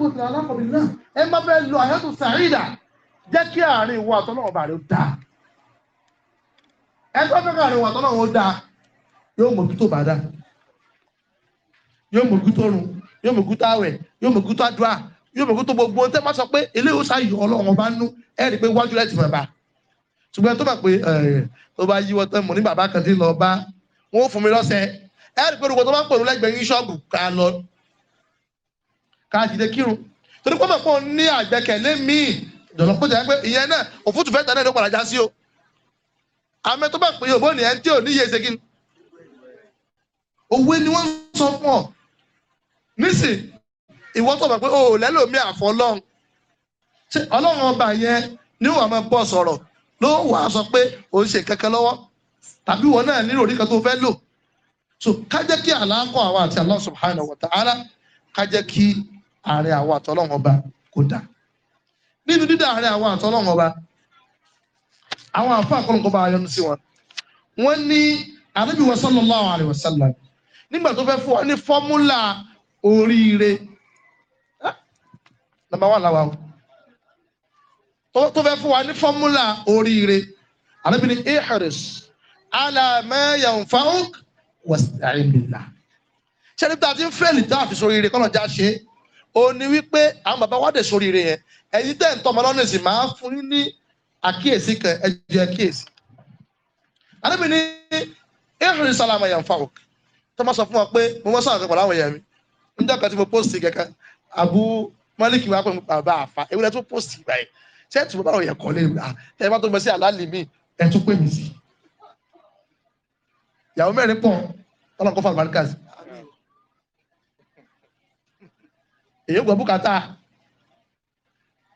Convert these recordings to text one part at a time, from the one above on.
takun ìlànà alákọ̀bí náà ẹ má fẹ́ lo àyàtò sàrídà jẹ́ kí àárín ìwọ àtọ́lọ́wọ́ bàrẹ̀ ó dáa ẹ tó fẹ́ káàrin ìwọ àtọ́lọ́wọ́ ó dáa yóò mọ̀ gútó bàdá yóò mọ̀ gútó run yóò mọ̀ gútó àwẹ̀ yóò mọ̀ gútó àdúrà yóò mọ̀ gútó gbogbo ohun tẹ́ má sọ pé eléyìí sá yọ ọlọ́run bá nú ẹ rí i pé wájú rẹ̀ ti fẹ̀ bá ṣùgbọ́n tó bá pé ká dìde kírun torí pọ́nmọ̀ pọ́n ní àgbẹ̀kẹ̀lé míì dọ̀lọ́ kó jẹ́ pé ìyẹn náà òfútù fẹ́ tẹ̀lé ló padà já sí o àmì tó bá pè é òbó nìyẹn tí ò níye ṣe kí ni òwe ni wọ́n sọ fún ọ nísìn ìwọ́n tó bá pé o ò lẹ́lò mí àfọ́ ọlọ́run ṣé ọlọ́run ọba yẹn ní wàá máa bọ́ sọ̀rọ̀ ló wàá sọ pé ò ń ṣe kankan lọ́wọ́ tàbí wọn náà nílò orí kan tó fẹ́ lò so ká jẹ́ kí àlàkọ̀ àwọn àti Allah subhanahu wa ta'ala ká jẹ́ kí ààrẹ àwọn àtọ́lọ́wọ́n ọba kò dà nínú dídá ààrẹ àwọn àtọ́lọ́wọ́n ọba àwọn àfa àkọlùkọ́ bá yọnu sí wọn wọ́n ní ànábì wa sallallahu alaihi wasallam nígbà tó fẹ́ fún ọ ní fọ́múlà oríire ah, nàmbà wà láwa o tó fẹ́ fún wa ní fọ́múlà oríire ànábì ní ihris ala ma yanfa'uk wasta'in billah ṣe nígbà tí ń fẹ́ẹ̀lì tá àfi sóríire kọ́nà já ṣe é ó ní wípé àwọn bàbá wa dé sórí rẹ yẹn ẹ̀yin tẹ́ ń tọ́ ọmọ lọ́nà ìsìn máa ń fún yín ní àkíyèsí kan ẹ jẹ́ àkíyèsí. àdébí ní ìrìn sálàmù ẹ̀yàn fa òkè tó máa sọ fún wa pé mo mọ́ sọ̀rọ̀ pẹ̀lú àwọn èèyàn mi níjọ́ kan tí mo pósìtì kẹ̀kẹ́ àbú mọ́líkì wa pé bàbá àfa ewúrẹ́ tó pósìtì ìgbà yẹn ṣé ètò bàbá òyìn kọ́ lé wa ẹ bá tó gbé sí àlálì mi ẹ tún pè mí sí. ìyàwó mẹ́rin pọ̀ ọlọ́run kó fà lùbáríkà sí èyí gbọ́ bùkátà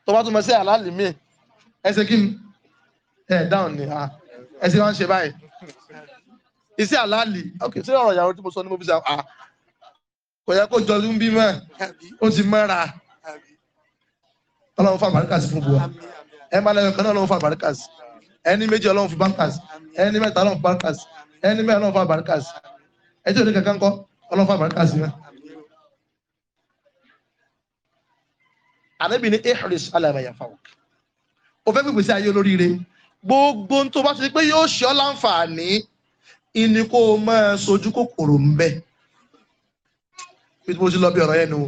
tó bá túnmọ̀ sí àlálì míì ẹsẹ̀ kí ni ẹ̀ dáhùn ni ha ẹsẹ̀ wá ń ṣe báyìí iṣẹ́ àlálì ok ṣé ọ̀rọ̀ ìyàwó tí mo sọ ní mo fi sọ à kò yẹ kó jọ ń bí mọ́ ó ti mọ́ra ọlọ́run fún àbáríkà sí fún buwa ẹ máa lẹ́yìn kan ọlọ́run fún àbáríkà sí ẹni méjì ọlọ́run fún báńkà sí ẹni mẹ́ta ọlọ́run fún báńkà sí ẹni mẹ́ta ọlọ́run fún àbáríkà sí ẹjọ́ ní ànábì ní ehris alamayafauk o fẹ́ fìgbésí ayé olóríire gbogbo tó bá ti di pé yóò ṣe ọ́ láǹfààní ìní kó o máa sojú kòkòrò ń bẹ bó ti lọ bí ọ̀rọ̀ yẹn nu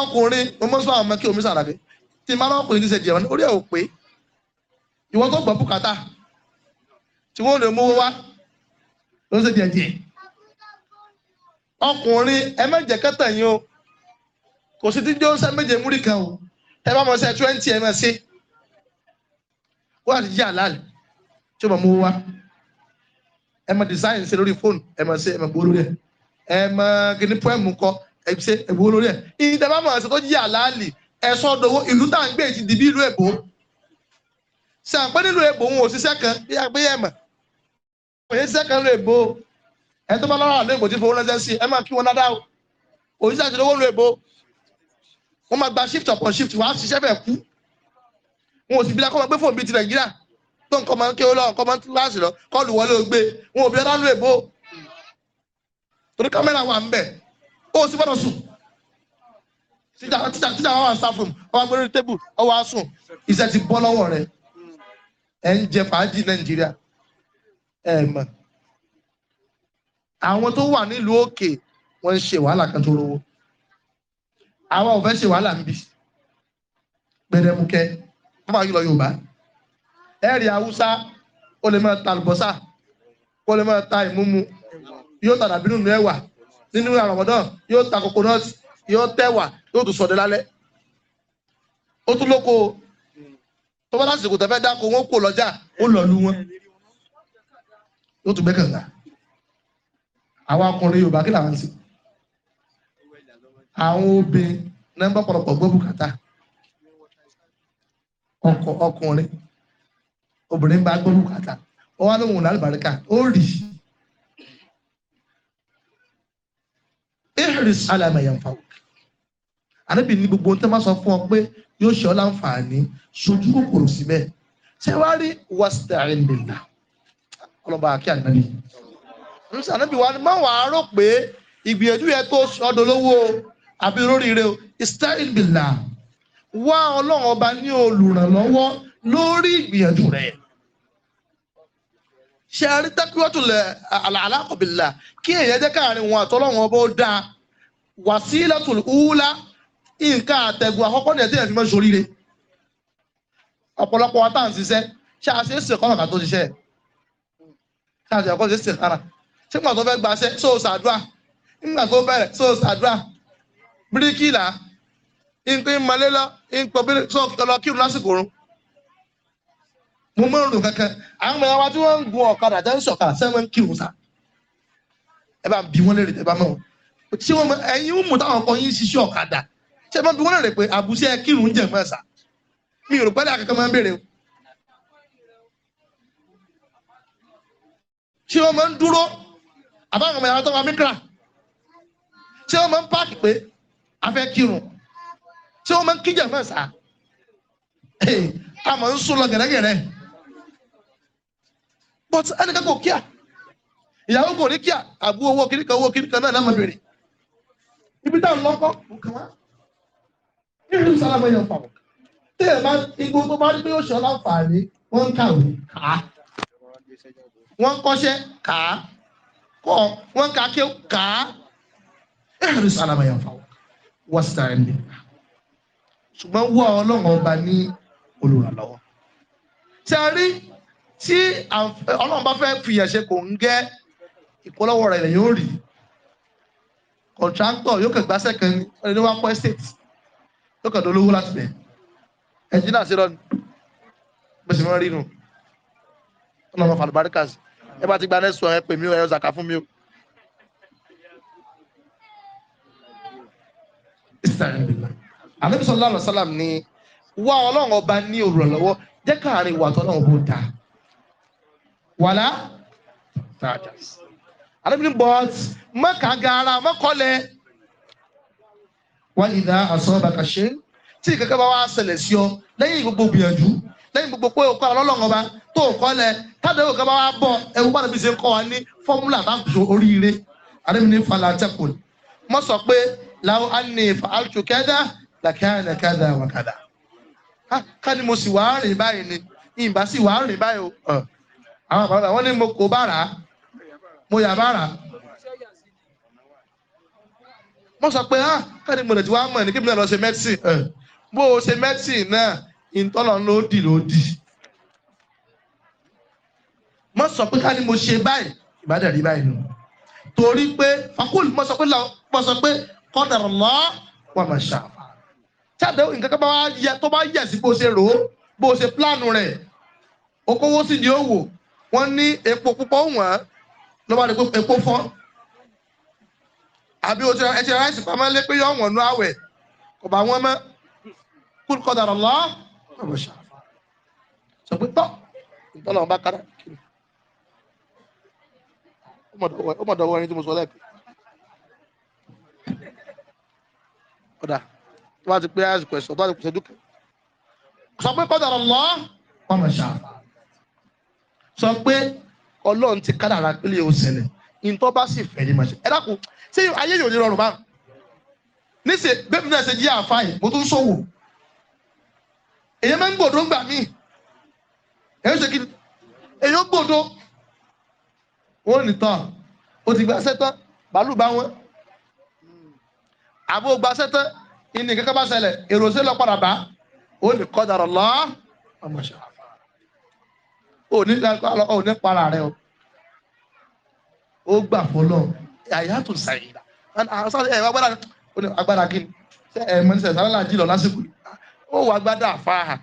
ọkùnrin mo mọ́ sọ àwọn ọmọ kí omi sàràbí tí máa ọkùnrin ti ṣe jẹun orí ẹ̀ ò pé ìwọ́n tó gbọ́ bùkátà tí wọ́n lè mú wá ló ń ṣe jẹjẹ ọkùnrin ẹ má jẹ́ yín o kò sí tí jọ́sẹ̀ méje múrí kan o ẹ bá mọ̀ sí twenty ẹ máa ṣe wọ́n àti jí àlàálì tí ó bá mú wá ẹ máa design ṣe lórí fóònù ẹ máa ṣe ẹ máa gbowó lórí ẹ ẹ máa kíní pọ́ẹ̀mù kọ ẹ ṣe ẹ gbowó lórí ẹ ìdá bá mọ̀ sí tó jí àlàálì ẹ sọ dọwọ́ ìlú tá à ń gbé ti di bí ìlú èbó sàǹpẹ́ nílùú èbó òun òṣìṣẹ́ kan bí àgbéyẹ̀ mọ̀ òṣìṣẹ́ kan ló èbó ẹ tó bá lọ́rọ̀ àlọ́ èbó fowó ránṣẹ́ sí ẹ máa kí wọn ládàá òṣìṣẹ́ àti wọ́n máa gba shift upon shift wàá ṣiṣẹ́ bẹ̀ kú wọn ò sì bí lakọ́mọ pé fóònù bíi ti nàìjíríà tó nǹkan máa ń ké lọ nǹkan máa ń tún láàṣì lọ kọ́ọ̀lù wọlé ogbe wọn ò bí lọ́dún èbó torí kámẹ́rà wà ń bẹ̀ ó sì gbọ́dọ̀ sùn tíjà tíjà tíjà wà wà sáfùm ọwọ́ agbẹ́rẹ́ tébù ọwọ́ asùn iṣẹ́ ti bọ́ lọ́wọ́ rẹ̀ ẹ̀ ń jẹ fàájì nàìjíríà ẹ̀ mọ̀ àwọn tó wà nílùú òkè wọ́n ń ṣe wàhálà kan tó rówó àwọn òfẹ́ ṣe wàhálà ń bí gbẹdẹmukẹ fún àjùlọ yorùbá ẹ̀rì haúsá ó lè máa ta àlùbọ́sà ó lè máa ta ìmúmu yóò ta dàbínú nù ẹ̀wà nínú Ramadan yóò ta coconut yóò tẹ̀wà yóò tún sọ̀dẹ̀ lálẹ́ ó tún lóko tó bá lásìkò tẹ́fẹ́ dáko wọn kò lọ́jà ó lọ lu wọn yóò tún gbẹ́kànlá àwọn akọrin yorùbá kí làwọn ń àwọn obìnrin nọ́mbà pọ̀lọpọ̀ gbọ́ bùkátà ọkùnrin obìnrin bá gbọ́ bùkátà ó wá lóhùn lálùbáríkà ó rì ihris alama yanfa'u ànábì ní gbogbo tẹ́ máa sọ fún ọ pé yóò ṣe ọ́ láǹfààní ṣojú kòkòrò síbẹ̀ ṣé wàá rí wasta'in billah ọlọ́ba àkí ànábì ànábì wa ni máa wàá rò pé ìgbìyànjú yẹ tó ọdọ lówó àbí lóríire o ista'in billah wá ọlọ́run ọba ní olùrànlọ́wọ́ lórí ìgbìyànjú rẹ̀ ṣe a rí tẹ́kíwọ́tulẹ̀ àlàkọ̀bìlà kí èèyàn jẹ́ káàrin wọn àtọ́lọ́run ọba ó dáa wasilatul ula nǹkan àtẹ̀gùn àkọ́kọ́ nìyẹn téèyàn fi mọ́ sóríire ọ̀pọ̀lọpọ̀ wa tá ń ṣiṣẹ́ ṣe àṣẹ ṣe kọ́nà kà tó ṣiṣẹ́ ṣe àṣẹ kọ́nà ṣe kára ṣé nígbà tó fẹ́ gbaṣẹ́ sóòsàdúà nígbà tó bẹ̀rẹ̀ sóòsàdúà bíríkìlà nǹkan ìmàlélá nǹkan bí sọ ọlọ kírun lásìkò rún mo mọ òrùn kankan àwọn ọmọ wa tí wọn ń gun ọ̀kadà tẹ ń sọkà sẹwọn ń kírun sa ẹ bá bí wọn lérè ẹ bá mọ tí wọn ẹyin ń mú táwọn ọkọ yín ṣiṣẹ́ ọ̀kadà tí ẹ bá bí wọn lérè pé àbúṣe kírun jẹ mọ ẹsà mi ò rò pẹ̀lẹ́ akẹ́kọ̀ọ́ máa ń béèrè o. wọn máa ń dúró àbáwọn ọmọ ìyàwó tó wà mí kíra ṣé wọn máa ń páàkì pé a fẹ́ kírun tí wọ́n máa ń kíjà náà sá a máa ń sún lọ gẹ̀rẹ́gẹ̀rẹ́ but ẹnìkan kò kíà ìyàwó kò ní kíà àbú owó kíríkan owó kíríkan náà náà máa bèrè ibi táwọn lọ́kọ́ nǹkan wá nínú sálábà yẹn fà wọ́n tí ẹ̀ máa igbó tó bá rí pé ó ṣe ọláǹfààní wọ́n ń kàwé kà á wọ́n ń kọ́ṣẹ́ kà á kọ́ wọ́n ń kà á kà á nínú sálábà yẹn fà wọ́n wọ́n sì tà ṣùgbọ́n wá ọlọ́run ọba ní olùrànlọ́wọ́ tí a rí tí ọlọ́run bá fẹ́ fìyà ṣe kò ń gẹ́ ìpolówó rẹ̀ yóò rí kọ̀ǹtráńtọ̀ yóò kàn gbáṣẹ́ kan ní wá pọ́ estate yóò kàn dolówó láti bẹ̀ ẹ̀jìnà sí lọ́nù bó ṣe mọ́ rí nù ọlọ́run ọba àlùbáríkà sí ẹ bá ti gba nẹ́sùn ẹ pè mí ẹ ọ̀zàkà fún mi o. Ìsàlẹ̀ ànábì sallallahu alaihi wasallam ni wá ọlọ́run ọba ní olùrànlọ́wọ́ jẹ́ káàrin ìwà tọ́lọ́run bó ta wàlá tààjà ànábì ní but mọ́kà gara mọ́kọ́lẹ̀ wọ́n ìdá asabaka ṣe tí ìkẹ́kẹ́ bá wá ṣẹlẹ̀ sí ọ lẹ́yìn gbogbo gbìyànjú lẹ́yìn gbogbo pé òkú àwọn ọlọ́run ọba tó kọ́lẹ̀ tádé òkú bá wá bọ̀ ẹ̀wù bá níbi ṣe ń kọ́ wa ní fọ́múlà bá ń oríire ànábì falà tẹ́kùn mọ́ sọ pé láwọn á ní ìfà làkàna kádà wà kádà ká ní mo sì wá rìn báyìí ni ìbá sì wá rìn báyìí o àwọn àbára wọn ní mo kò bára mo yà bára mo sọ pé ah ká ní mo lè ti wá mọ̀ ní kí mi náà lọ ṣe medicine bó o ṣe medicine náà ìtọ́lọ̀ ló dì ló dì mọ sọ pé ká mo ṣe báyìí ìbádàrí báyìí nù torí pé fakul mọ sọ pé kọ́dàrọ̀ lọ́ wà máa ṣàwọn tí àdéhùn nǹkan kan bá wá yẹ tó bá yẹ sí bó ṣe rò ó bó ṣe pílánù rẹ̀ okòwò sì ni ó wò wọ́n ní epo púpọ̀ wọ́n ló bá rí pé epo fọ́n àbí o ti ẹ ti ráìsì pamọ́ lé pé yọ̀wọ̀n nú àwẹ̀ kò bá wọ́n mọ́ kul qadar Allah ọ̀rọ̀ ṣá sọ pé tọ́ ìtọ́nà ọba kára kiri ó mọ̀ dọ̀wọ́ ẹni tí mo sọ lẹ́ẹ̀kan tó bá ti pé àsìkò ẹ̀sọ́ tó bá ti pèsè dúkìá sọ pé kọ́dàrà lọ́ ọmọ ṣàfà sọ pé ọlọ́run ti kádàrà pélé o ṣẹlẹ̀ ìtọ́ bá sì fẹ́ ní màṣẹ ẹ dákun ṣé ayé yóò ní rọrùn bá níṣẹ bẹ́ẹ̀ náà ṣe jí àfáì mo tún ṣòwò èyí máa ń gbòdó ń gbà mí èyí ṣe kí èyí ó gbòdó wọn ní tán o ti gbà sẹ́tán bàálù bá wọn àbó gbà sẹ́tán ìní kankan bá ṣẹlẹ̀ èrò sí lọ padà bá ó ní kọ́dàrọ̀ lọ́ ọmọ ṣàfà ó ní ó ní para rẹ o ó gbà fọlọ àyàtò sàyìnà ẹ wá gbára ó ní agbára kí ni ṣe ẹ mọ ní sẹ sàrẹ́là jí lọ lásìkò ó wà gbádà fáà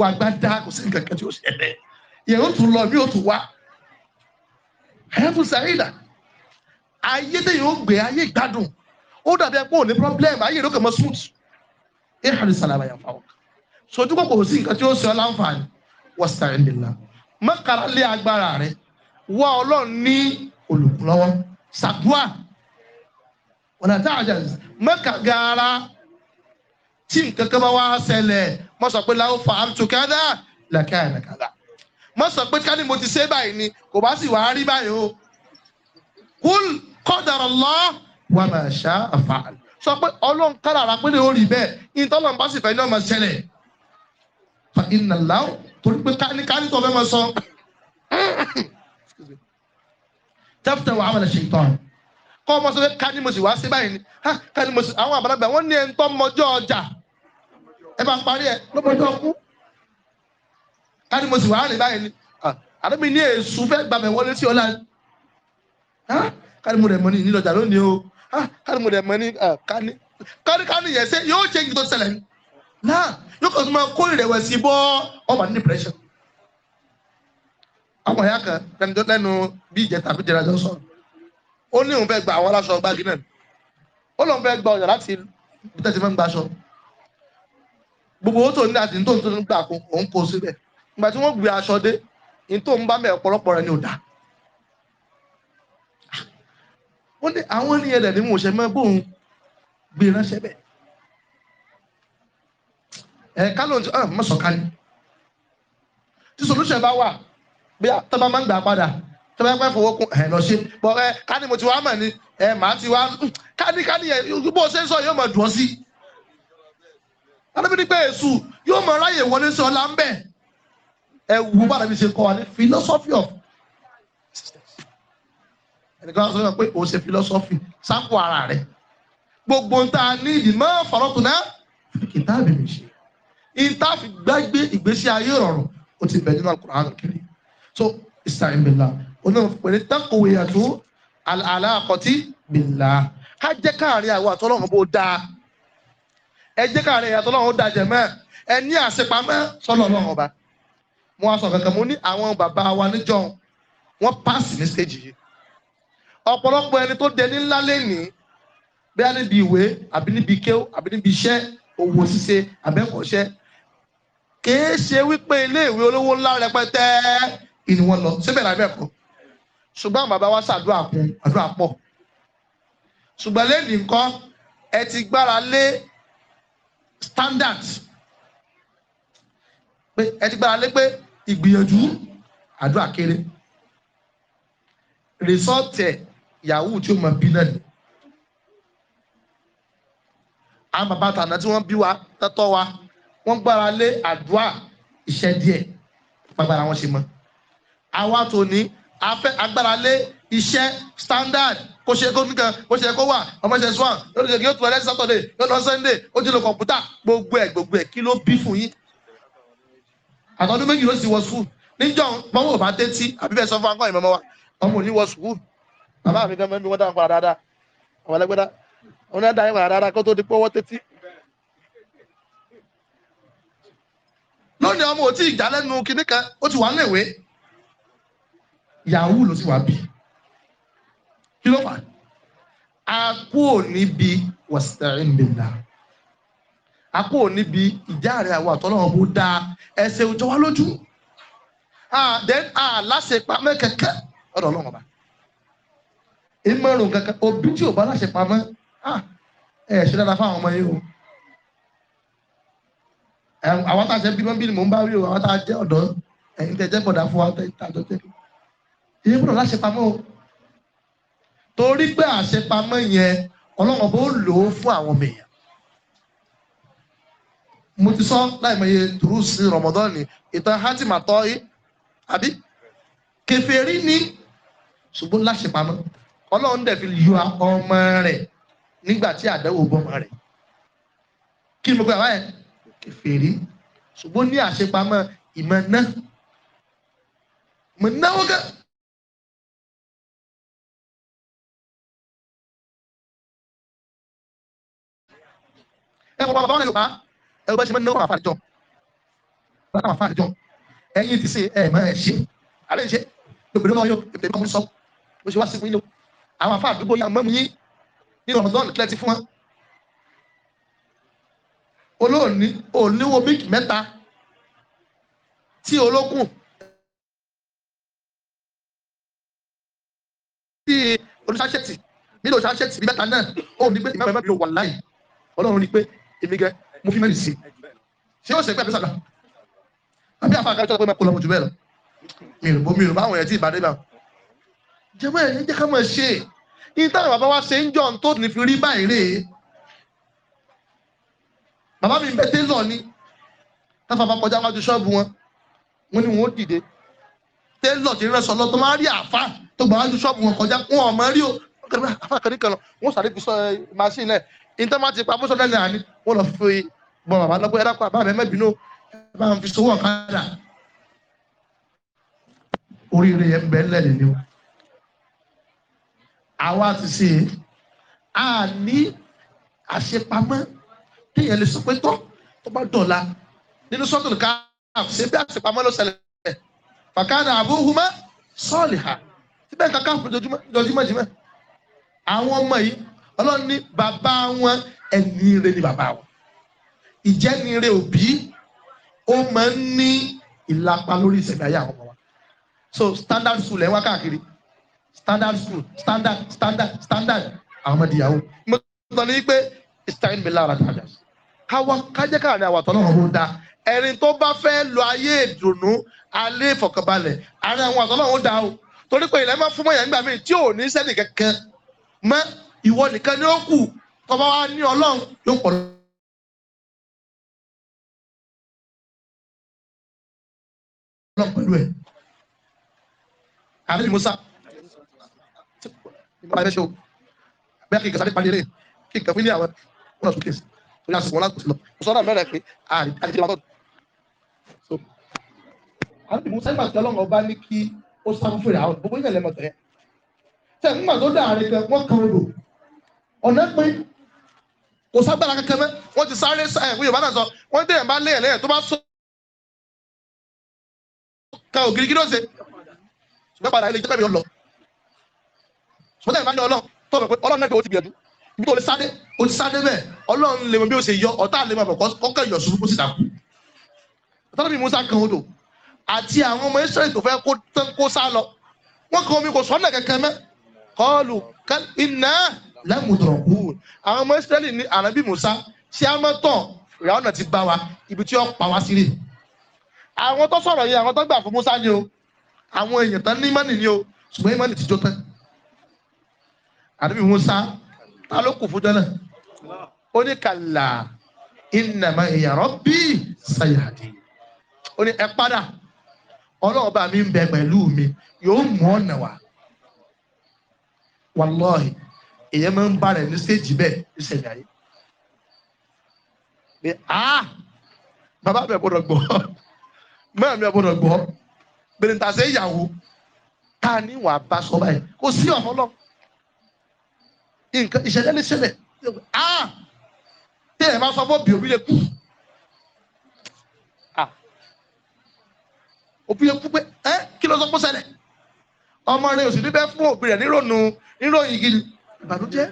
wà gbádà kò sí nǹkan kan tí ó ṣẹlẹ̀ yẹn ó tún lọ bí ó tún wá àyàtò ayé tẹ̀yìn ó gbé ayé ìgbádùn ó dàbí ẹ pé ò problem ayé ìlú kàn mọ́ smooth ẹ hàn sàlàmà yẹn fáwọn sojú kò kò sí nǹkan tí ó ṣe ọ láǹfààní wasta'in billah mọ́kàrá lé agbára rẹ wá ọlọ́run ní olùkúlọ́wọ́ sàdúà ọ̀nà tá a jẹ́ mọ́kàgára tí nǹkan kan bá wá ṣẹlẹ̀ mọ́ sọ pé láwọn fa àtúntò kẹ́dá lẹ́kẹ́ àìlẹ́kẹ́dá mọ́ sọ pé ká ní mo ti ṣe báyìí ni kò bá sì wá rí báyìí o kúl qadarallah wà máa ṣá àfààní sọ pé ọlọ́run kára ara pé lè rí bẹ́ẹ̀ ìtọ́lọ̀ bá sì fẹ́ ní ọmọ ṣẹlẹ̀ fa iná láwù torí pé káni káni tó fẹ́ máa sọ tẹ́fùtẹ́ wàá wọlé ṣe ìtọ́ kọ́ ọmọ sọ pé káni mo sì wá sí báyìí ni káni mo sì àwọn àbálàgbà wọ́n ní ẹni tó mọjọ́ ọjà ẹ bá parí ẹ lọ́mọjọ́ kú káni mo sì wá rìn báyìí ni àdébí ní èṣù fẹ́ gbàmẹ̀ wọlé sí ọlá káni mo rẹ̀ mọ́ ní ìlọjà lónìí Ah, hali mo dẹ̀ mani eh, kani, kání kani kání yẹn ṣe eh, yóò ṣe ìgbìtò ṣẹlẹ̀ náà yóò kàn tó máa kó ìrẹ̀wẹ̀sì bọ́ ọmọ ní depression. àwọn ẹ̀yà kan lẹ́nu lẹ́nu bí ìjẹ tàbí jẹrẹ àjọ sọ̀rọ̀ ó ní òun fẹ́ gba àwọn aláṣọ gbági náà ó lóun fẹ́ gba ọjà láti ibi tẹ́tí fẹ́ ń gbaṣọ gbogbo owó tó ní àti ní tó ń gbà kó òun kó síbẹ̀ ìgbà tí wọ́n gbé aṣọ dé ní tó ń bá mẹ́ ọ̀pọ̀lọpọ̀ rẹ̀ ni ò dáa ó ní àwọn ní ẹ̀dẹ̀ ní mo mọ́ bóun gbé ránṣẹ́ bẹ́ẹ̀ ẹ̀ ká ló ń tí ah, ni tí solution bá wà bí tọ́ba máa ń gbà padà tọ́ba pẹ́ fowó kún ẹ̀ lọ ṣe bọ́ ẹ ká ní mo ti wá mọ̀ ni ẹ màá ti wá hmm, ká ní ká ní ẹ bó ṣe ń sọ yóò mọ̀ dùn ọ́ sí alábìnrin pé èṣù yóò mọ̀ ráyè wọlé sí ọlá ń bẹ̀ ẹ wù bá àdàbí ṣe kọ́ wa ní philosophy of ẹnìkan wá sọ pé o ṣe philosophy sápò ara rẹ gbogbo nta ní ìmọ̀ fọlọ́tún náà kìtà bèbè ṣe ìta fi gbàgbé ìgbésí ayé rọrùn o ti bẹ̀ nínú Al-Qur'an al so ìsàlẹ̀ bẹ̀là onímọ̀ pẹ̀lú tákòwé àtú àlàkọ̀tì bìlà ká jẹ́ káàrin àwọn àtọ́lọ́run bó dáa ẹ jẹ́ káàrin àtọ́lọ́run ó dáa jẹ̀ mẹ́ẹ̀ ẹ ní àṣepamẹ́ sọ́lọ́ ọlọ́run ọba mo wá sọ kankan mo ní àwọn bàbá wa níjọ́ wọn pass ní stage yìí ọ̀pọ̀lọpọ̀ ẹni tó dẹni ńlá lẹ́nìí bẹ́ẹ̀ níbi ìwé àbí níbi kéw àbí níbi iṣẹ́ òwò ṣíṣe àbẹ́kọ̀ṣẹ́ kìí ṣe wípé iléèwé olówó ńlá rẹpẹtẹ ìní lọ síbẹ̀ náà bẹ́ẹ̀ kọ́ ṣùgbọ́n bàbá wa ṣàdúrà kún àdúrà pọ̀ ṣùgbọ́n lẹ́nìí nǹkan ẹ ti gbára lé standard pé ẹ ti gbára lé pé ìgbìyànjú àdúrà kéré result ẹ̀ yahoo tí ó mọ̀ bí náà ni a bàbá tàná tí wọ́n bí wa tẹ́tọ́ wa wọ́n gbára lé àdúrà iṣẹ́ díẹ̀ gbàgbára wọn ṣe mọ́ àwa tó ní agbára lé iṣẹ́ standard kó ṣe kó nìkan kó ṣe kó wà ọmọ ṣe swan yóò lè yóò tún ẹlẹ́sì sátọ̀dẹ̀ yóò lọ sẹ́ndẹ̀ ó ti lo kọ̀ǹpútà gbogbo ẹ̀ gbogbo ẹ̀ kí ló bí fún yín àtọ́dún méjì ló sì wọ sùkúù níjọ́ bọ́wọ́ bá tẹ́tí àbí bẹ́ẹ̀ sọ fún akọ́ wa ọmọ òní wọ sùkúù bàbá mi gan mẹ́bí wọ́n dáhùn padà dáadáa àwọn ẹlẹ́gbẹ́dá wọ́n náà dáhùn padà dáadáa kó tó di pọ́wọ́ tẹ́tí. lónìí ọmọ òtí ìjà lẹ́nu kinní kan ó ti wà léwe yahoo ló sì wá bí kí ló fà á kúò níbi wàsítẹ́rìn bìlà a kúò níbi ìjà rẹ̀ àwọn àtọ́lọ́wọ́n bó dáa ẹsẹ̀ òjò wá lójú. Ah, then ah, lásìpa mẹ́kẹ̀kẹ́ ọ̀dọ̀ ọlọ́run ọba ìmọ̀ràn kankan òbí tí ò bá láṣẹ pamọ́ ẹ ṣe dáadáa fáwọn ọmọ yìí o àwọn tá a ṣe bímọ bíi mò ń bá rí o àwọn tá a jẹ ọ̀dọ́ ẹ̀yin tẹ jẹ bọdà fún wa tẹ àjọ tẹ ìyẹn gbọ́dọ̀ láṣẹ pamọ́ o torí pé àṣẹ pamọ́ yẹn Ọlọ́run bó lò ó fún àwọn ọmọ èèyàn mo ti sọ láì mọye turusi Ramadan ìtàn hatima yìí àbí kèfèrí ni ṣùgbọ́n láṣẹ pamọ́ ọlọ́run dẹ̀ fi yọ ọmọ rẹ̀ nígbà tí àdánwò bọ́mọ rẹ̀ kí ni mo gbé àwọn ẹ̀ kèfèrí ṣùgbọ́n ní àṣepamọ́ ìmọ̀ náà mo náwó gẹ́. ẹ wọ bàbá wọn lè pa ẹ bá ṣe máa ń náwó àwọn àfàlẹ́jọ́ àwọn àfàlẹ́jọ́ ẹ̀yin ti ṣe ẹ̀ máa ẹ̀ ṣe alẹ́ ṣe obìnrin náà yóò ìbẹ̀rẹ̀ kọ́mú sọ bó ṣe wá sí fún yín lọ àwọn afá àdúgbò yà mọ́mú yín nínú ọ̀dọ́ọ̀nù kílẹ̀ ti fún wọn. olóòní òníwó bíkì mẹ́ta tí olókùn tí olùsáṣẹ́tì nínú olùsáṣẹ́tì mẹ́ta náà òun ní pé ìmọ̀ ẹ̀mọ́ mi ò wà láyé ọlọ́run ní pé èmi gẹ mo fi mẹ́rin sí ṣé ó ṣe pé àbísàdà àbí àfa àkàrà tó ń pè mọ́ kó lọ́mọ jù bẹ́ẹ̀ lọ mi ò bá àwọn ẹ̀ tí ì jẹ́mọ́ ẹ̀yìn jẹ́ ká mọ̀ ṣe yìí táwọn bàbá wa ṣe ń jọ̀ tó ní fi rí báyìí rèé bàbá mi bẹ́ tẹ́lọ̀ ni táfà bá kọjá wájú ṣọ́ọ̀bù wọn wọn ni wọn ó dìde tẹ́lọ̀ ti rẹ́ sọ̀lọ́ tó máa rí àfa tó gbà wájú ṣọ́ọ̀bù wọn kọjá wọn ò mọ rí o àfa kan níkan lọ wọn sàré fi sọ eh, machine náà yìí táwọn ti pa mọ́sọ̀ lẹ́nu àní wọn lọ fi bọ̀ bàbá lọ́pọ̀ ẹ̀rọ àbá mi mẹ́bìnú bá mi fi sowó ọ̀kadà oríire yẹn bẹ́ẹ̀ lẹ́yìn ni wọn àwa ti ṣe a ní àṣepamọ́ téèyàn lè sọ pé tọ́ tó bá dọ̀la nínú sọ́tò ká ṣe bí àṣepamọ́ ló ṣẹlẹ̀ fàkàdà àbúhùmá sọ́ọ̀lì hà síbẹ̀ kankan jọjúmọ́ jìmọ́ àwọn ọmọ yìí ọlọ́run ní bàbá wọn ẹni ire ni bàbá wọn ìjẹ́nire òbí ó máa ń ní ìlapa lórí ìṣẹ̀lẹ̀ ayé àwọn ọmọ wa so standard school ẹ̀ wá káàkiri standard school standard standard standard àwọn ọmọdé yahoo mo sọ ní pé stein miller radaja káwa kájẹ́ káàrin àwọn àtọ́ náà ń da ẹni tó bá fẹ́ lo ayé ìdùnnú alẹ́ ìfọ̀kànbalẹ̀ àárín àwọn àtọ́ náà ń da o torí pé ilẹ̀ máa fún mọ́yà nígbà míì tí ò ní sẹ́nì kankan mọ́ ìwọ nìkan ni ó kù tọ́ba wa ní ọlọ́run yóò pọ̀ lọ́wọ́. náà pẹ̀lú ẹ̀. Àbí Musa ìmúra ẹgbẹ́ ṣe o bẹ́ẹ̀ kí nǹkan sáré parí eré kí nǹkan fún ilé àwọn ọ̀nà sókè torí àsìkò wọn láti lọ sọ́dọ̀ mẹ́rẹ̀ pé àdìdì wọn tọ́. àti musa ìgbà tí ọlọ́run ọba ní kí ó sá fún fèrè àwọn gbogbo ìgbàlẹ̀ mọ̀ tẹ̀lé tẹ̀ nígbà tó dà àárín kan wọ́n kan odò ọ̀nà pé kò ságbára kankan mẹ́ wọ́n ti sáré ẹ̀ yorùbá náà sọ wọ́n dé ẹ̀mbá lẹ́yìn lẹ́yìn tó bá sọ kan ògiri kí ló ṣe ṣùgbọ́n padà ilé ìjọba mi lọ mo tẹ́lẹ̀ máa ń yọ ọlọ́run tó mọ̀ pé ọlọ́run náà kò ti gbìyànjú ibi tó lè sáré o ti sáré bẹ́ẹ̀ ọlọ́run lè mọ bí o ṣe yọ ọ̀tá lè mọ bọ̀ kọ́kọ́ yọ sùúrù kó sì dàkú. tọ́lá mi Musa kan odò àti àwọn ọmọ Israẹli tó fẹ́ kó tán sá lọ wọ́n kan omi kò sọ́nà kẹ̀kẹ́ mẹ́ kọ́ọ̀lù iná lẹ́mùtọ̀kù àwọn ọmọ Israẹli ní ànábì Musa ṣé a mọ́ tán ìyàwó náà ti bá wa ibi tí ó pa wá sílẹ̀ àwọn Musa ni o àwọn èèyàn tán ni o ṣùgbọ́n ìmọ̀nì àdébí musa ta ló kù fún jọ́nà ó ní kàlà ìnàmà ìyàrá bí sayahadi ó ní ẹ padà ọlọ́run bá mi ń bẹ pẹ̀lú mi yóò mú ọ̀nà wá wàlọ́ọ̀hì èyẹ máa ń bá rẹ̀ ní stéèjì bẹ́ẹ̀ ní sẹ̀dá yìí ni a ah, bàbá mi ọ̀bọ̀dọ̀ gbọ́ mẹ́rin mi ọ̀bọ̀dọ̀ gbọ́ bẹ̀rẹ̀ ta ṣe ìyàwó ta ni wàá bá sọ báyìí kò sí ọ̀fọ́ nǹkan ìṣẹ̀lẹ̀ lè ṣẹlẹ̀ ah tí ẹ̀ máa sọ fún òbí òbí lè kú ah òbí lè kú pé ẹ kí ló sọ fún ṣẹlẹ̀ ọmọ rẹ òsì níbẹ̀ fún òbí rẹ̀ nírònú níròyìn gidi ìbànújẹ́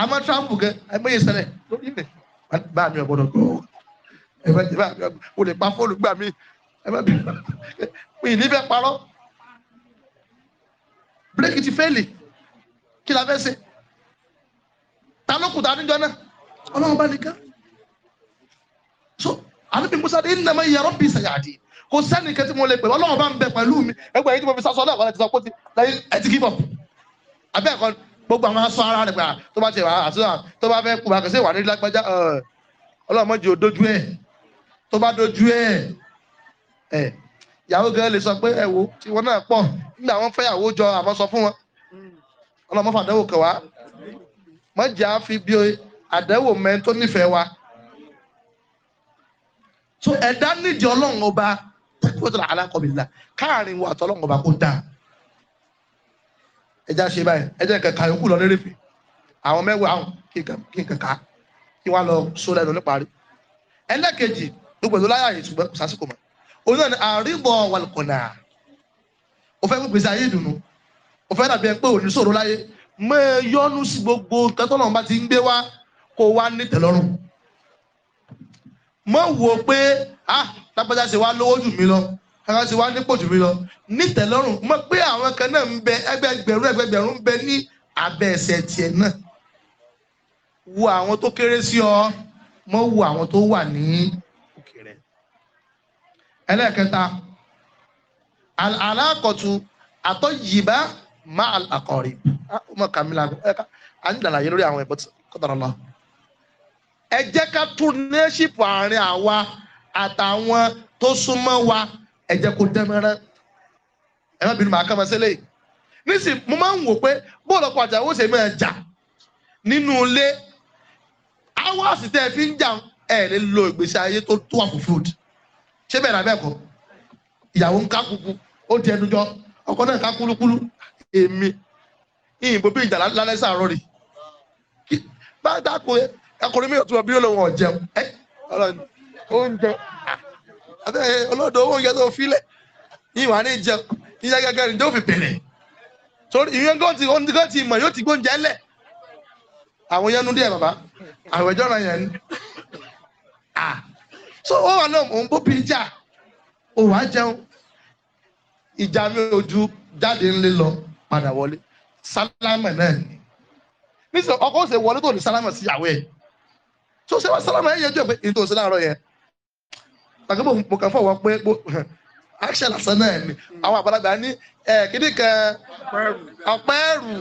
àmọ́ tíráfù gẹ ẹgbẹ́yẹ ṣẹlẹ̀ lórí ilẹ̀ bá mi ò gbọ́dọ̀ gbọ́ o lè pa fóònù gbà mí mi ì ní parọ́ bírèkì ti fẹ́ẹ̀lì kí la fẹ́ ṣe ta ló kù ta níjọ náà ọlọ́run bá nìkan so àdúgbò musa ní ìnáwó yẹrọ bí sàyàdì kò sẹ́ni kẹ́tí mo lè pè ọlọ́run bá ń bẹ pẹ̀lú mi ẹgbẹ́ yìí tí mo fi sasọ náà kọ́ ẹ ti sọ pé ẹ ti give up àbẹ́ ẹ̀kọ́ gbogbo àwọn aṣọ ara rẹ̀ gbà ah, tó bá ti wà àṣìṣe tó bá fẹ́ kú bá kẹsẹ̀ wà ní lágbájá ọlọ́run mọ́jì ò dojú ẹ̀ tó bá dojú ẹ̀ ẹ̀ ìyàwó gan lè sọ pé ẹ wo tiwọn náà pọ̀ nígbà wọn fẹ́ ìyàwó jọ àmọ́ sọ fún wọn ọlọ́mọ fàdánwò kan wá mọ́jà fi bí àdánwò mẹ́rin tó nífẹ̀ẹ́ wa so ẹ̀dá nídìí ọlọ́run ọba tẹ́kọ̀tà alákọ̀bìlá káàrin wa àtọ́lọ́run ọba kó dáa ẹjá ṣe báyìí ẹjá kẹka yòókù lọ lérè pé àwọn mẹ́wàá àwọn kí n kẹka kí wọ́n lọ só lẹ́nu níparí ẹlẹ́kejì gbogbo ìlú láyà yìí ṣùgbọ́n sásìkò mọ́ òun ni àríbọ̀ wàlùkọ̀nà òfẹ́ gbogbo ìsayé ìdùnnú òfẹ́ dàbí ẹ pé òní ṣòro láyé mọ ẹ yọnu sí gbogbo tẹ́tọ́nà bá ti ń gbé wá kó wá ní tẹ́lọ́rùn mọ wò pé ah lápẹjá ṣe wá lówó jù mí lọ ara ṣe wá nípò jù mí lọ ní tẹ́lọ́rùn mọ pé àwọn kan náà ń bẹ ẹgbẹgbẹ̀rún ẹgbẹgbẹ̀rún ń bẹ ní abẹ́ ẹsẹ̀ tiẹ̀ náà wo àwọn tó kéré sí ọ mọ wo àwọn tó wà ní òkè rẹ ẹlẹ́ẹ̀kẹta alákọ̀tún àtọ́yìbá máa àkọrí ọmọ kàmílà ẹ̀ka à ń dàlàyé lórí àwọn ẹ̀bọ̀ kọ́tàrà lọ. ẹ jẹ́ ká tún nẹ́ṣípù àárín àwa àtàwọn tó súnmọ́ wa ẹ jẹ́ kó dẹ́mẹ́rẹ́ ẹ má bínú màá kà máa ṣẹlẹ̀ nísìnyí mo máa ń wò pé bóòlù ọkọ̀ àti àwọn òṣèlú máa jà nínú ilé àwọn àsìtẹ́ fi ń jà ẹ̀ lè lo ìgbésí ayé tó tó wà fún ṣé bẹ́ẹ̀ náà kọ́ ìyàwó ń ká kúkú ó di ẹnu jọ ọkọ náà ká kúlúkúlú èmi ìyìnbó bí ìjà lálẹ́ sàárọ̀ rí bá dáko akọrin mi ò tún ọ bí olóhùn ọ̀jẹun ẹ ọlọ́run oúnjẹ olódò oúnjẹ tó filẹ̀ yìí wà ní jẹun iṣẹ́ gẹ́gẹ́ ni tó fi bẹ̀rẹ̀ torí ìyẹn gan ti ohun gan ti mọ̀ yóò ti gbóúnjẹ lẹ̀ àwọn yẹn nu díẹ̀ bàbá àwọn ẹjọ́ náà yẹn ni so ó wà náà òun bó bí ìjà òun á jẹun ìjà mi ò ju jáde ńlẹ lọ padà wọlé sálámà náà ni nísìnyí ọkọ ó ṣe wọlé tó ní sálámà sí ìyàwó ẹ̀ tó ṣe wá sálámà ẹ̀ yẹjọ́ pé ètò òṣèlú àárọ̀ yẹn tàbí mo kàn fọwọ́ pé action lásán náà ni àwọn àgbàlagbà ní kíní kan ọ̀pẹ́ ẹ̀rù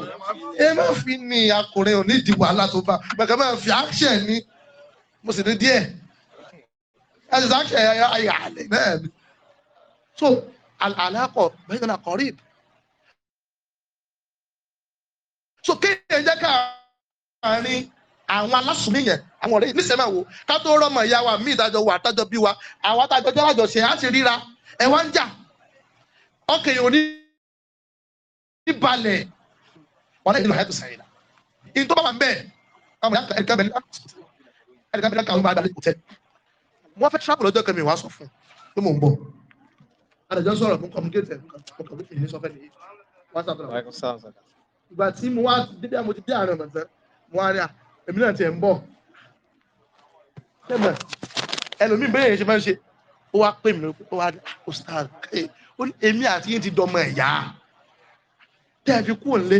ẹ má fi ní akùnrin ò ní ìdí wàhálà tó bá gbẹ̀gbẹ̀ máa fi action ni mo sì ní díẹ̀ ẹ sì sáà ṣe ẹ̀yà àlè náà ni so àlàkọ̀ bẹ́ẹ̀ náà kọ́rìbù so kéèyàn jẹ́ káàárín àwọn alásùnmí yẹn àwọn ọ̀rẹ́ nísìnyẹ́mẹ̀ wo ká tó rọ́mọ ìyá wa mí ìdájọ́ wa àtàjọ bí wa àwọn àtàjọ jẹ́ àjọṣe á ti ríra ẹ̀ wá ń jà ọkàn yìí ò ní balẹ̀ wọn lẹ́yìn lọ́yà tó sàyìn náà ìyìn tó bá wà ń bẹ́ẹ̀ àwọn ìyá ẹ̀ka bẹ̀rẹ̀ ẹ̀ka bẹ̀rẹ̀ kàwọn máa dalẹ̀ kò tẹ́ wọ́n fẹ́ travel lọ́jọ́ kẹmi wàá sọ fún pé mò ń bọ̀ àdàjọ́ sọ̀rọ̀ mú communicate ẹ̀ mú communicate ẹ̀ ní sọ́fẹ́ nìyí wọ́n sàbẹ̀rẹ̀ ìgbà tí mo wá dédé mo ti dé àárín ọ̀nà tán mo wá rí à ah, èmi náà tiẹ̀ ń bọ̀ ṣẹ́mọ̀ ẹlòmíì bẹ́ẹ̀ yẹn ṣe máa ń ṣe ó wá pè mí ó wá ó ah, star ó ní èmi àti yín ti dọmọ ẹ̀yà tẹ́ ẹ fi kúrò nílé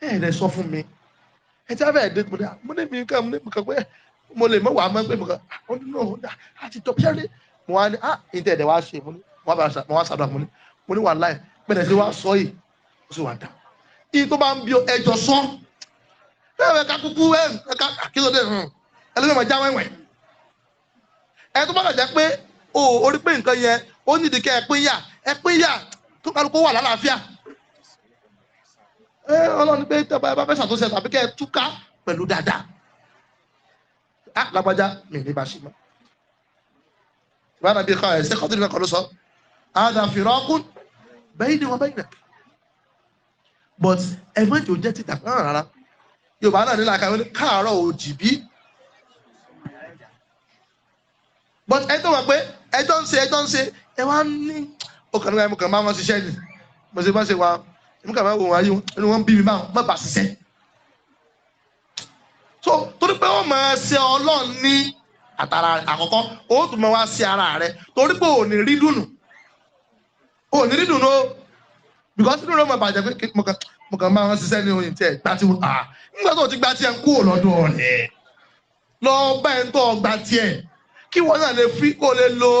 ẹ ẹ̀ sọ fún mi ẹ ti abẹ́ ẹ̀dẹ́ mo ní ah, mo ní mi nǹkan mo ní mi kàn pé mo lè mọ̀ wá mọ́ pé mo kàn ó ní náà á ti tọ́ pẹ́ẹ́rẹ́ mo wá ní ah ìtẹ̀ ẹ̀dẹ̀ wá ṣe mo ní mo wá sàdọ̀ mo ní mo ní wà láì pẹ̀lẹ́ sí wá sọ yìí ó sì wà dáa iye tó bá ń bi ẹjọ́ sọ ẹ̀rẹ̀ ká kúkú ẹ̀ka àkíyọ̀dé ẹlẹ́gbẹ̀ẹ́ máa já wẹ̀wẹ̀ ẹ̀ tó bá lọ jẹ́ pé o orí pé nǹkan yẹn ó nídìí kẹ́ ẹ pín yà ẹ pín yà tó kálukú wà lálàáfíà ẹ ọlọ́run pé tẹ́ ẹ bá fẹ́ ṣàtúnṣe tàbí kẹ́ ẹ túká pẹ̀lú dáadáa á lágbájá mi ní bá ṣe mọ́ ìbára bíi ká ẹ̀ ṣe kọ́tùnú náà kọ́ ló sọ àdàfìrọ́kùn bẹ́yìn ni wọ́n bẹ́yìn náà but ẹ má jò jẹ́ títà náà rárá yorùbá náà nílà kàwé ní káàárọ̀ òjìbí but ẹ tó wà pé ẹjọ́ ń ṣe ẹjọ́ ń ṣe ẹ wá ní ọkàn nígbà mọ̀kàn máa wọn ṣiṣẹ́ ni mo ṣe bá ṣe wà mú kàwé wò wọ́n ayé wọn wọ́n bí mi bá wọn bá ṣiṣẹ́ so torí pé wọ́n máa ṣe ọlọ́run ní àtàrà àkọ́kọ́ ó tún máa wá sí ara rẹ torí pé ò ní rí dùnú ò ní rí dùnú o because inú ló mọ̀ bàjẹ́ pé mo kàn máa ń ṣiṣẹ́ ní oyin tí ẹ̀ gbá tí à nígbà tó ti gbá tí ẹ̀ ń kúrò lọ́dún ọ̀rẹ́ lọ bá ẹ̀ ń tọ́ gbá tí ẹ̀ kí wọ́n náà lè fi kó lè lo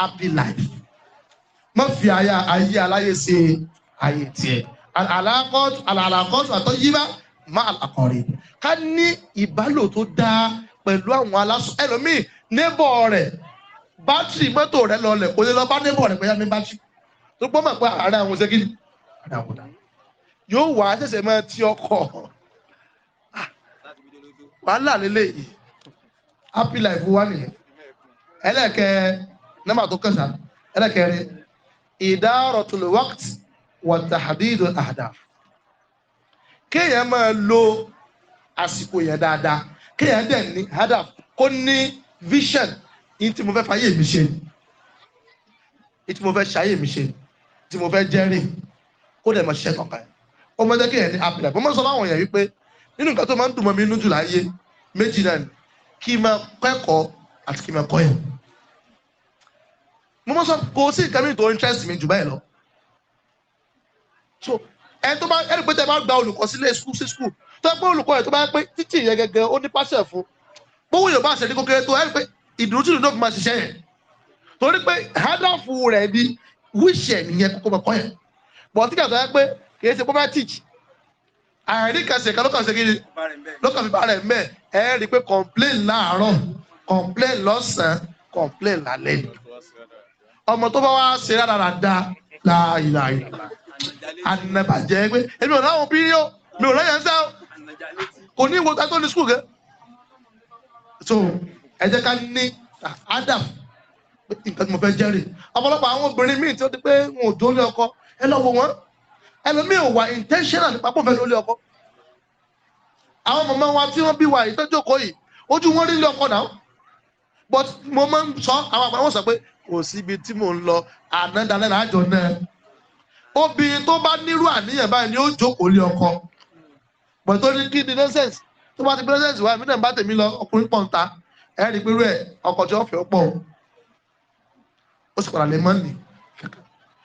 happy life má fi ayé ayé aláyé ṣe ayé tiẹ̀ àlàkọ́tù àlàkọ́tù àtọ́yíbá má àkọ́rẹ́ ká ní ìbálò tó dáa pẹ̀lú àwọn aláṣọ ẹlòmíì nébọ̀ rẹ̀ bátìrì mọ́tò rẹ̀ lọlẹ̀ kò lè lọ bá nébọ̀ rẹ̀ pẹ̀lú bátìrì tó gbọ́ mọ̀ pé àárẹ̀ àwọn ṣe kí ni àdàkùdà yóò wá ṣẹ̀ṣẹ̀ máa ti ọkọ̀ ah, wàhálà lélẹ́yìí happy life wà nìyẹn ẹlẹ́kẹ̀ nọ́mbà tó kẹsàn ẹlẹ́kẹ̀rin idaratul waqt wa tahdidul ahdaf kéèyàn máa lo àsìkò yẹn dáadáa kéèyàn dẹ̀ ní hadaf kó ní vision yìí tí mo fẹ́ fàyè mi ṣe yìí tí mo fẹ́ ṣàyè mi ṣe yìí tí mo fẹ́ jẹ́rìí kó dẹ̀ mọ ṣiṣẹ́ tọ́ka ẹ̀ ó mọ jẹ́ kí èèyàn ní happy life mo máa ń sọ fáwọn èèyàn wípé nínú nǹkan tó máa ń dùn mọ́ mi nínú jù láyé méjì náà ni kí máa kẹ́kọ̀ọ́ àti kí máa kọ́ ẹ̀ mo máa sọ kò sí nǹkan mìíràn tó interest mi jù báyìí lọ so ẹni tó bá ẹni pé tẹ bá gba olùkọ́ sílé school sí school tó yẹ pé olùkọ́ yẹn tó bá yẹ pé títì yẹn gẹ́gẹ́ ó ní pàṣẹ fún gbówó yorùbá àṣẹ ní kókéré tó ẹni pé ìdúró tí ìdúró fi máa ṣiṣẹ́ yẹn torí pé hádàfù rẹ̀ ni wíṣẹ̀ nìyẹn kókó mọ̀kọ́ yẹn bọ̀ tíkà tó yẹ pé kì ṣe pọ́ fẹ́ teach àìrí kẹsì kan lókàn ṣe kiri lókàn fi bá rẹ̀ mẹ́ ẹ rí i pé complain láàárọ̀ complain lọ́sàn-án complain lálẹ́ ọmọ tó bá wá ṣe rádaràda láàyè ànàbàjẹ́ pé èmi ò láwọn bí yó mi ò lọ́yẹ̀ ń sá kò ní ìwòta tó ní skul gẹ́ so ẹ jẹ́ ká ní Adam nǹkan tí mo fẹ́ jẹ́rìí ọ̀pọ̀lọpọ̀ àwọn obìnrin míì tí ó ti pé wọn ò dórí ọkọ ẹ lọ wò ò wà intentional nípa pọ̀ fẹ́ lólé ọkọ àwọn màmá wa tí wọ́n bí wa yìí tọ́jú òkò yìí ojú wọn rí lé ọkọ náà but mo máa ń sọ àwọn àgbà wọn sọ pé kò síbi tí mò ń lọ ànádàlẹ́ làájọ náà obìnrin tó bá nírú àníyàn báyìí ni ó jókòó lé ọkọ but tó ní kí ni nonsense tó bá ti nonsense wá èmi náà bá tèmi lọ ọkùnrin pọ̀ ń ta ẹ̀ rí i pé rú ẹ̀ ọkọ̀ tí wọ́n fẹ́ pọ̀ ó sì padà lè mọ́ nìyí.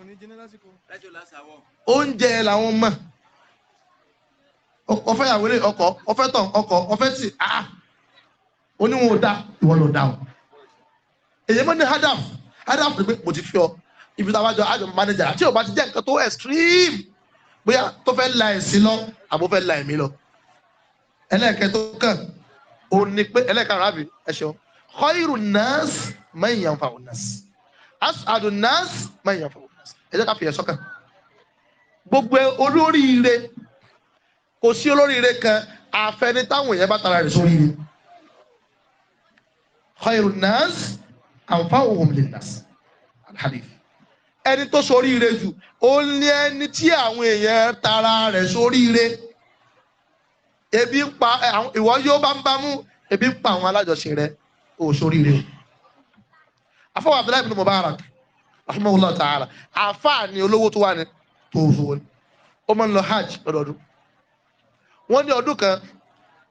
ò ní jiná lásìkò. lájò lásàwọ. oúnjẹ làwọn mọ̀ ọfẹ àwérè ọkọ ọfẹ tán ọkọ ọfẹ tì á oníwọn ò dá ìwọ ló dá o èyí mọ ní hadaf hadaf pé mo ti fi ọ ibi tá a bá jọ àjọ manager àti ọba ti jẹ nǹkan tó extreme bóyá tó fẹ́ la ẹ̀sìn lọ àbó fẹ́ la ẹ̀mí lọ ẹlẹ́ẹ̀kẹ́ tó kàn ó ní pé ẹlẹ́ẹ̀kẹ́ ara mi ẹ̀ṣọ́ khairu nas man yanfa'u nas as'adu nas man yanfa'u ẹ jẹ́ ká fi ẹ̀ sọ́kàn gbogbo olóríire kò sí olóríire kan àfẹni táwọn èèyàn bá tara rẹ̀ sórí rẹ̀ khairu nas anfa'uhum lin nas alhadith ẹni tó soríire jù ó ní ẹni tí àwọn èèyàn tara rẹ̀ soríire ebi ń pa ìwọ yóò bá ń bámú ebi ń pa àwọn alájọṣe rẹ̀ ó soríire o abdullahi bin mubarak rahimahullah ta'ala àfáà ni olówó tó wà ní tó ni ó máa ń lọ hajj lọ́dọọdún wọ́n ní ọdún kan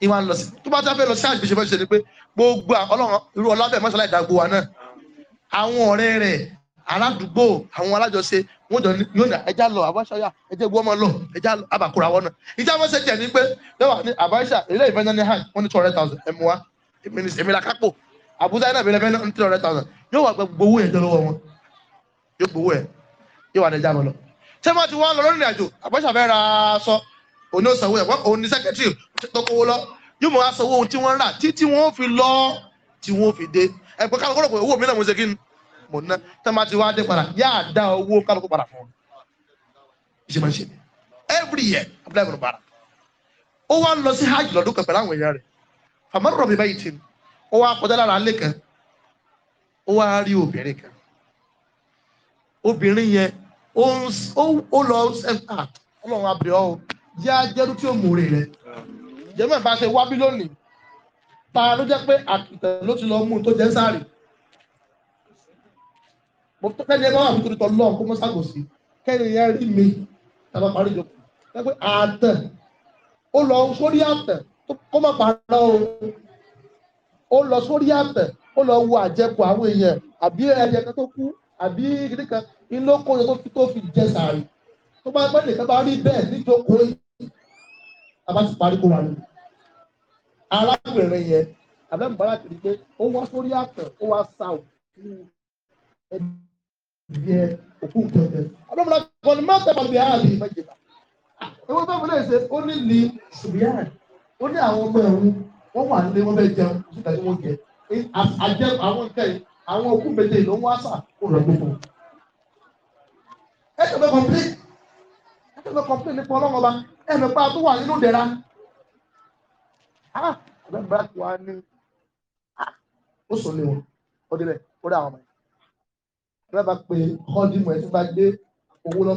ìwà lọ sí tó bá sáfẹ́ lọ sí hajj bí ṣe fẹ́ ṣe ni pé gbogbo ọlọ́run irú ọlábẹ̀ mọ́ṣálá ìdàgbò wa náà àwọn ọ̀rẹ́ rẹ̀ aládùúgbò àwọn alájọṣe wọn jọ yóò ní ẹja lọ àbáṣáyà ẹjẹ gbọ́ ọmọ lọ ẹja àbàkùrà wọn náà ìjà wọn ṣe jẹ ní pé lẹ́wà ní àbáṣà ilé ìfẹ́ náà ní hajj wọ́n ní two hundred thousand ẹ̀mú wa èmi làkápò àbúzá náà bẹ̀rẹ̀ fẹ́ náà ní three hundred thousand yóò wà gbogbo owó yẹn jọ lọ́wọ́ wọn yóò gbowó ẹ̀ yóò wà ní ẹja mọ́ lọ. ṣé wọ́n ti wá lọ lórí ìrìnàjò àbọ̀ṣà fẹ́ ra aṣọ òní òsanwó ẹ̀ òní sẹ́kẹ̀tìrì tó kówó lọ yóò mọ̀ aṣọ ohun tí wọ́n rà títí wọ́n fi lọ tí wọ́n fi dé ẹ̀pẹ́ kálukú rò pé owó mi náà mo ṣe kí ni mò ń ná tẹ́ máa ti wá dé padà yáà dá owó kálukú padà fún un ṣe máa ṣe every year abúlé ìgbọ̀n bára ó wá lọ sí hajj lọ́dún kan pẹ̀lú àwọn èèyàn rẹ̀ fàmọ́rọ̀ mi obìnrin yẹn ó lọ ọlọ́run abẹ́ ọ́ jẹ́ ajẹ́rú tí ó mòrè rẹ̀ jẹ́mọ̀ bá ṣe wábí lónìí ta ló jẹ́ pé àkìtàn ló ti lọ mú un tó jẹ́ sáré mo tó kẹ́ni ẹgbẹ́ wà fún torítọ́ lọ́ọ̀ kó mọ́ ságòsí kẹ́ni yẹn rí mi tàbá parí jọ pé pé àtẹ̀ ó lọ sórí àtẹ̀ kó má parọ́ o ó lọ sórí àtẹ̀ ó lọ wo àjẹkù àwọn èèyàn àbí ẹyẹ kan tó kú àbí kìnní kan iná kó yẹ tó fi jẹ sàárì tó bá gbọ́dọ̀ ìkẹ́ bá rí bẹ́ẹ̀ níjókòó yìí àbá ti parí kó wà ní. arábìnrin yẹn abẹ́ mọ̀bára ti rí pé ó wá sórí àtẹ̀ ó wá sa òkú ẹbí ẹ òkú kẹ̀kẹ́ abẹ́ mọ̀bára kọ́ ni máa tẹ̀pọ̀ bí ààrẹ ìfẹ́jìlá ewé bẹ́ẹ̀ fún ẹ̀sẹ̀ ó ní ní ṣùgbọ́n ó ní àwọn ọmọ ẹ̀rú wọ́n wà nílé wọ́n bẹ́ẹ̀ jẹun ìṣúgbà tí wọ́n jẹ àwọn òkú méje ló ń wá sà kó rẹ̀ gbogbo. ẹ tẹ̀lé kọ̀m̀plé ẹ tẹ̀lé kọ̀m̀plé nípa ọlọ́run ọba ẹ mẹ́ pa tó wà nínú ìdẹ̀ra. Ah! ọ̀rẹ́ mi bá ti wá ní ah! ó sọ lé wọn ó délẹ̀ ó dá àwọn ọmọ yẹn. ọ̀rẹ́ bá pe kọ́ndìmọ̀ ẹ̀ tí bá gbé owó lọ.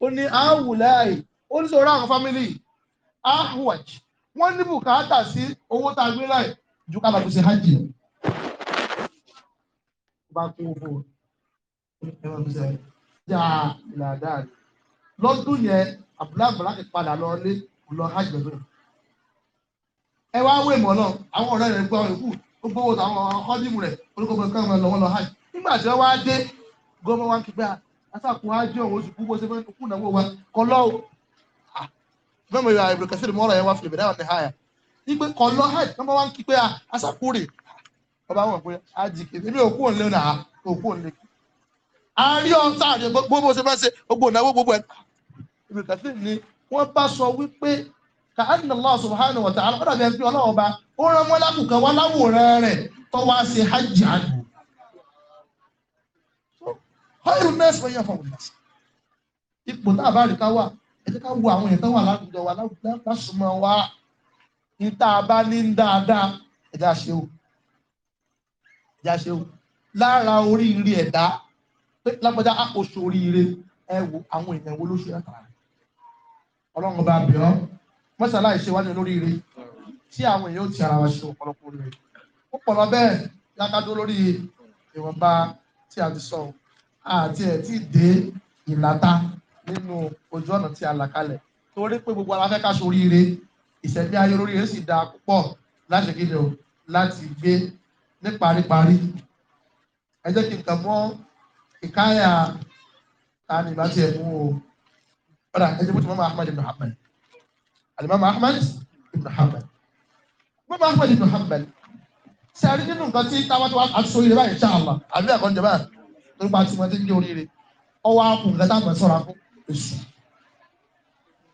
ó ní àwùláì ó ní sọ̀rọ̀ àwọn fámìlì àhùwàjì wọ́n ní bùkátà sí owó tá a gbé láì ju ká bàtú sí hajj lọ bá tó owó dáa ìlàdá rẹ̀ lọ́dún yẹn àbúláàbúlá ti padà lọ lé lọ hajj lọ́dún ẹ wá wé mọ́ náà àwọn ọ̀rẹ́ rẹ̀ gbọ́ ìkú ó gbowó àwọn ọkọ́dìmù rẹ̀ orúkọ gbọ́ kọ́ lọ́wọ́ lọ hajj nígbà tí wọ́n wá dé gọ́mọ wa kí gbà ah, asàkùn hajj ọ̀hún oṣù púpọ̀ ṣe fẹ́ kú náwó wa kọ́ lọ́wọ́ ah, mẹ́mọ̀ yóò àìbùrẹ̀kẹ́sì mọ́ra yẹn wá fi ìbẹ̀rẹ̀ àwọn ní pé ọba wọn pé àjìkè níbi òkú òkú a rí ọ̀tá àjẹ gbogbo ṣe fẹ́ ṣe gbogbo ìnáwó gbogbo ẹ̀ ibi kàfí ni bá sọ wípé ka Allah subhanahu wa ta'ala ọ̀dà bẹ́ẹ̀ pé ọlọ́wọ́ bá ó rán wọn lákùnkàn tó wá ṣe hajj àná ipò náà bá rí ká wà ẹ jẹ́ ká wo àwọn èèyàn tó wà láwùjọ wa a bá jáṣe o lára oríire ẹ̀dá pé lápọjá àkóso oríire ẹ wo àwọn èèyàn wo ló ṣe látara rẹ̀ ọlọ́run bá bẹ̀ ọ́ mọ́sálà ìṣèwádìí olóríire tí àwọn èèyàn ó ti ara wa ṣe ọ̀pọ̀lọpọ̀ rẹ̀ ó pọ̀lọ bẹ́ẹ̀ yákádó lórí ìwọ̀nba tí a ti sọ àti ẹ̀ tí dé ìlàta nínú ojú ọ̀nà tí a là kalẹ̀ torí pé gbogbo ara fẹ́ ká soríire ìṣẹ̀lẹ̀ ayé olóríire sì dáa púpọ̀ láṣẹ kí ni o láti gbé ní paríparí ẹ jẹ́ kí n kàn mọ́ ìkáyà tani ìbá tiẹ̀ mú o ọ̀rà ẹ jẹ́ bó ti mọ́ Ahmad ibn Hanbal alimami Ahmad ibn Hanbal mọ́mọ́ Ahmad ibn Hanbal ṣe àrí nínú nǹkan tí táwọn tó wá àti sórí rẹ báyìí ṣáàlà àbí ẹ̀kọ́ ń jẹ báyìí torí pa tiwọn tí ń jẹ oríire ọwọ́ àpò nǹkan táwọn sọ̀rọ̀ àpò èṣù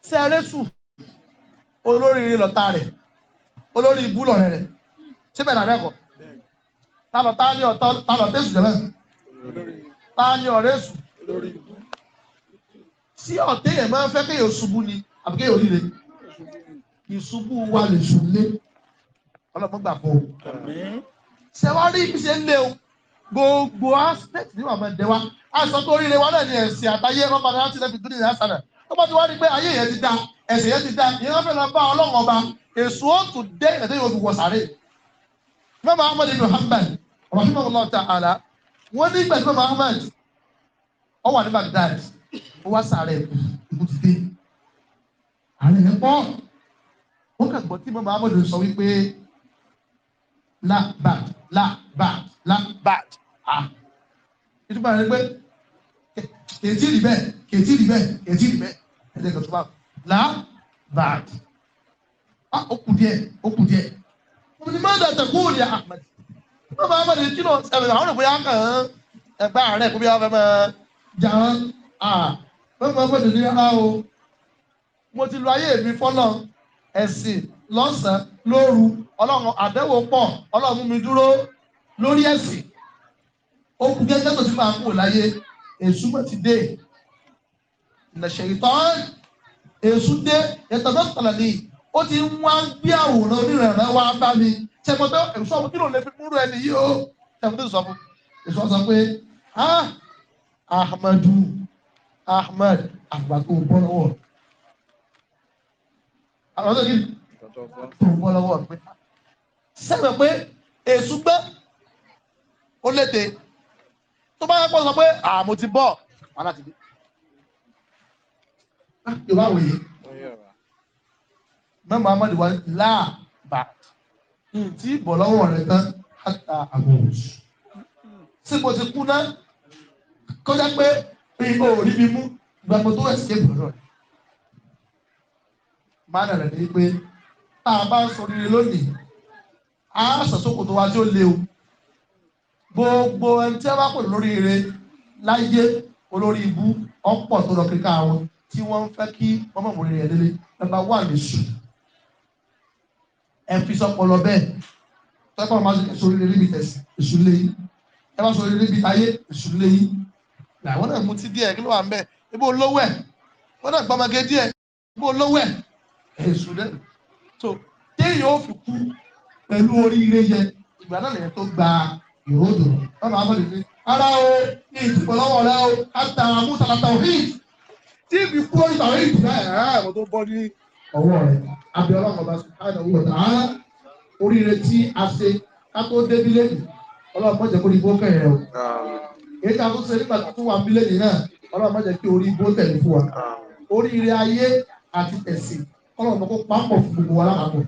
ṣe àrí èṣù olóríire lọ́tà rẹ̀ olórí ibú lọ̀rẹ́ rẹ̀ ṣé bẹ̀rẹ̀ àbẹ́kọ̀ọ́ tálọ̀ tání ọ̀tọ́ tálọ̀ tẹ́sù jẹ́lẹ̀ tání ọ̀rẹ́ sù sí ọ̀tẹ́ yẹn máa ń kéèyàn ṣubú ni àbí kéèyàn líle ìṣubú wa lè ṣùn lé ọlọ́mọ gbà fún o ṣe wá rí ibi ṣe ń lé o gbogbo aspect ni wàá máa dẹ wa aṣọ tó rí lé wa náà ni ẹ̀sìn àtàyé ẹ̀rọ padà láti lẹ́bi gírí ní àṣàlẹ̀ tó bá ti wá rí pé ayé yẹn ti da ẹ̀sìn yẹn ti da ìyẹn wọ́n fẹ́ lọ bá ọlọ́run ọba èso ó dé ìrẹ̀tẹ́ yóò fi wọ̀ sáré. mẹ́ta ọmọdé Muhammad rahimahullah ta'ala wọ́n ní ìgbà tí bàbá Ahmed ó wà ní Baghdad ó wá sàárẹ̀ ìbùsùdé ààrẹ rẹ̀ pọ̀ wọ́n kàn gbọ́ tí bàbá Ahmed sọ wípé labad labad labad ah ìtumọ̀ rẹ̀ pé kèétí rí bẹ́ẹ̀ kèétí rí bẹ́ẹ̀ kèétí rí bẹ́ẹ̀ ẹ̀jẹ̀ tó bá labad ah ó kù díẹ̀ ó kù díẹ̀ mo ní má dàtà kúrò ní Ahmed wọ́n máa bẹ̀rẹ̀ kí ló ẹ̀rọ àwọn òbí akàn án ẹ̀gbá rẹ̀ kó bí wọ́n fẹ́ máa jà án à wọ́n máa bẹ̀rẹ̀ ní ara o mo ti lo ayé mi fọ́nà ẹ̀sìn lọ́sàn-án lóru ọlọ́run àdẹ́wò pọ̀ ọlọ́run mú mi dúró lórí ẹ̀sìn ó kú gẹ́gẹ́ tó ti máa kú láyé èṣù mọ̀ ti dé ìnàṣẹ̀ ìtàn èṣù dé ètò tọ̀lẹ̀ ní ó ti ń wá gbé àwòrán onírànràn bá mi tẹ̀gbọ́n pé èso ọmọ kí ló lè fi múrò ẹni yìí o tẹ̀gbọ́n tó sọ fún èso ọsọ pé ah ahmadu ahmad àgbàgbọ́ bọ́ lọ́wọ́ àwọn tó kí tó bọ́ lọ́wọ́ pé sẹ́mi pé èso gbé ó léde tó bá yẹ kó sọ pé àmọ́ ti bọ̀ wọn láti dé. Yorùbá wòye. Mẹ́mọ̀ Amadu wa láàbà ntí hmm. bọ̀ lọ́wọ́ rẹ̀ tán àtà àbòs. Ṣé mo ti kú náà? Kọjá pé mi ò rí mi mú ìgbà mo tó escape lọ. Máa dàrẹ̀ ní pé tá a bá ń sọ rere lónìí, a sọ̀sọ́kò tó tí ó le o. Gbogbo ẹni tí a bá pè lórí ire láyé olórí ibú ọ̀pọ̀ tó lọ kíkà wọn tí wọ́n ń fẹ́ kí wọ́n mọ̀ mọ̀ rere ẹ̀ délé. Nàbà wà ní sùn ẹ fi sọpọlọ bẹ́ẹ̀ tọ́kọ̀ máa sori lè ríbi tẹ̀sí èṣù lé yín ẹ bá sori lè ríbi ayé èṣù lé yín làwọn náà mú ti díẹ̀ kí ló wà ń bẹ̀ ibo olówó ẹ̀ wọ́n náà gbọ́mọge díẹ̀ ibo olówó ẹ̀ èṣù lẹ́ so téèyàn ó fi kú pẹ̀lú oríire yẹ ìgbà náà lẹ́yìn tó gba ìhòòdò bàbá àbọ̀dé fi ara o ní ìdìbò lọ́wọ́ rẹ o àtàwọn amúsàlàtà òfin tí ìbí kú ìtàwé ìdìbò ọwọ́ rẹ̀ abiola ọba subhanahu wa ta'ala oríire tí a ṣe ká tó débi lẹ́yìn ọlọ́run mọ̀jẹ̀ kó ní bó kẹ̀yìn rẹ̀ o èyí tá a tún ṣe nígbà tó wà mí lẹ́yìn náà ọlọ́run mọ̀jẹ̀ kí orí bó tẹ̀lé fún wa oríire ayé àti ẹ̀sìn ọlọ́run kó papọ̀ fún gbogbo wa lápapọ̀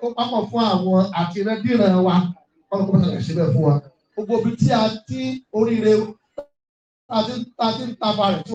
kó papọ̀ fún àwọn àtìrẹ́dìrẹ́ wa ọlọ́run kó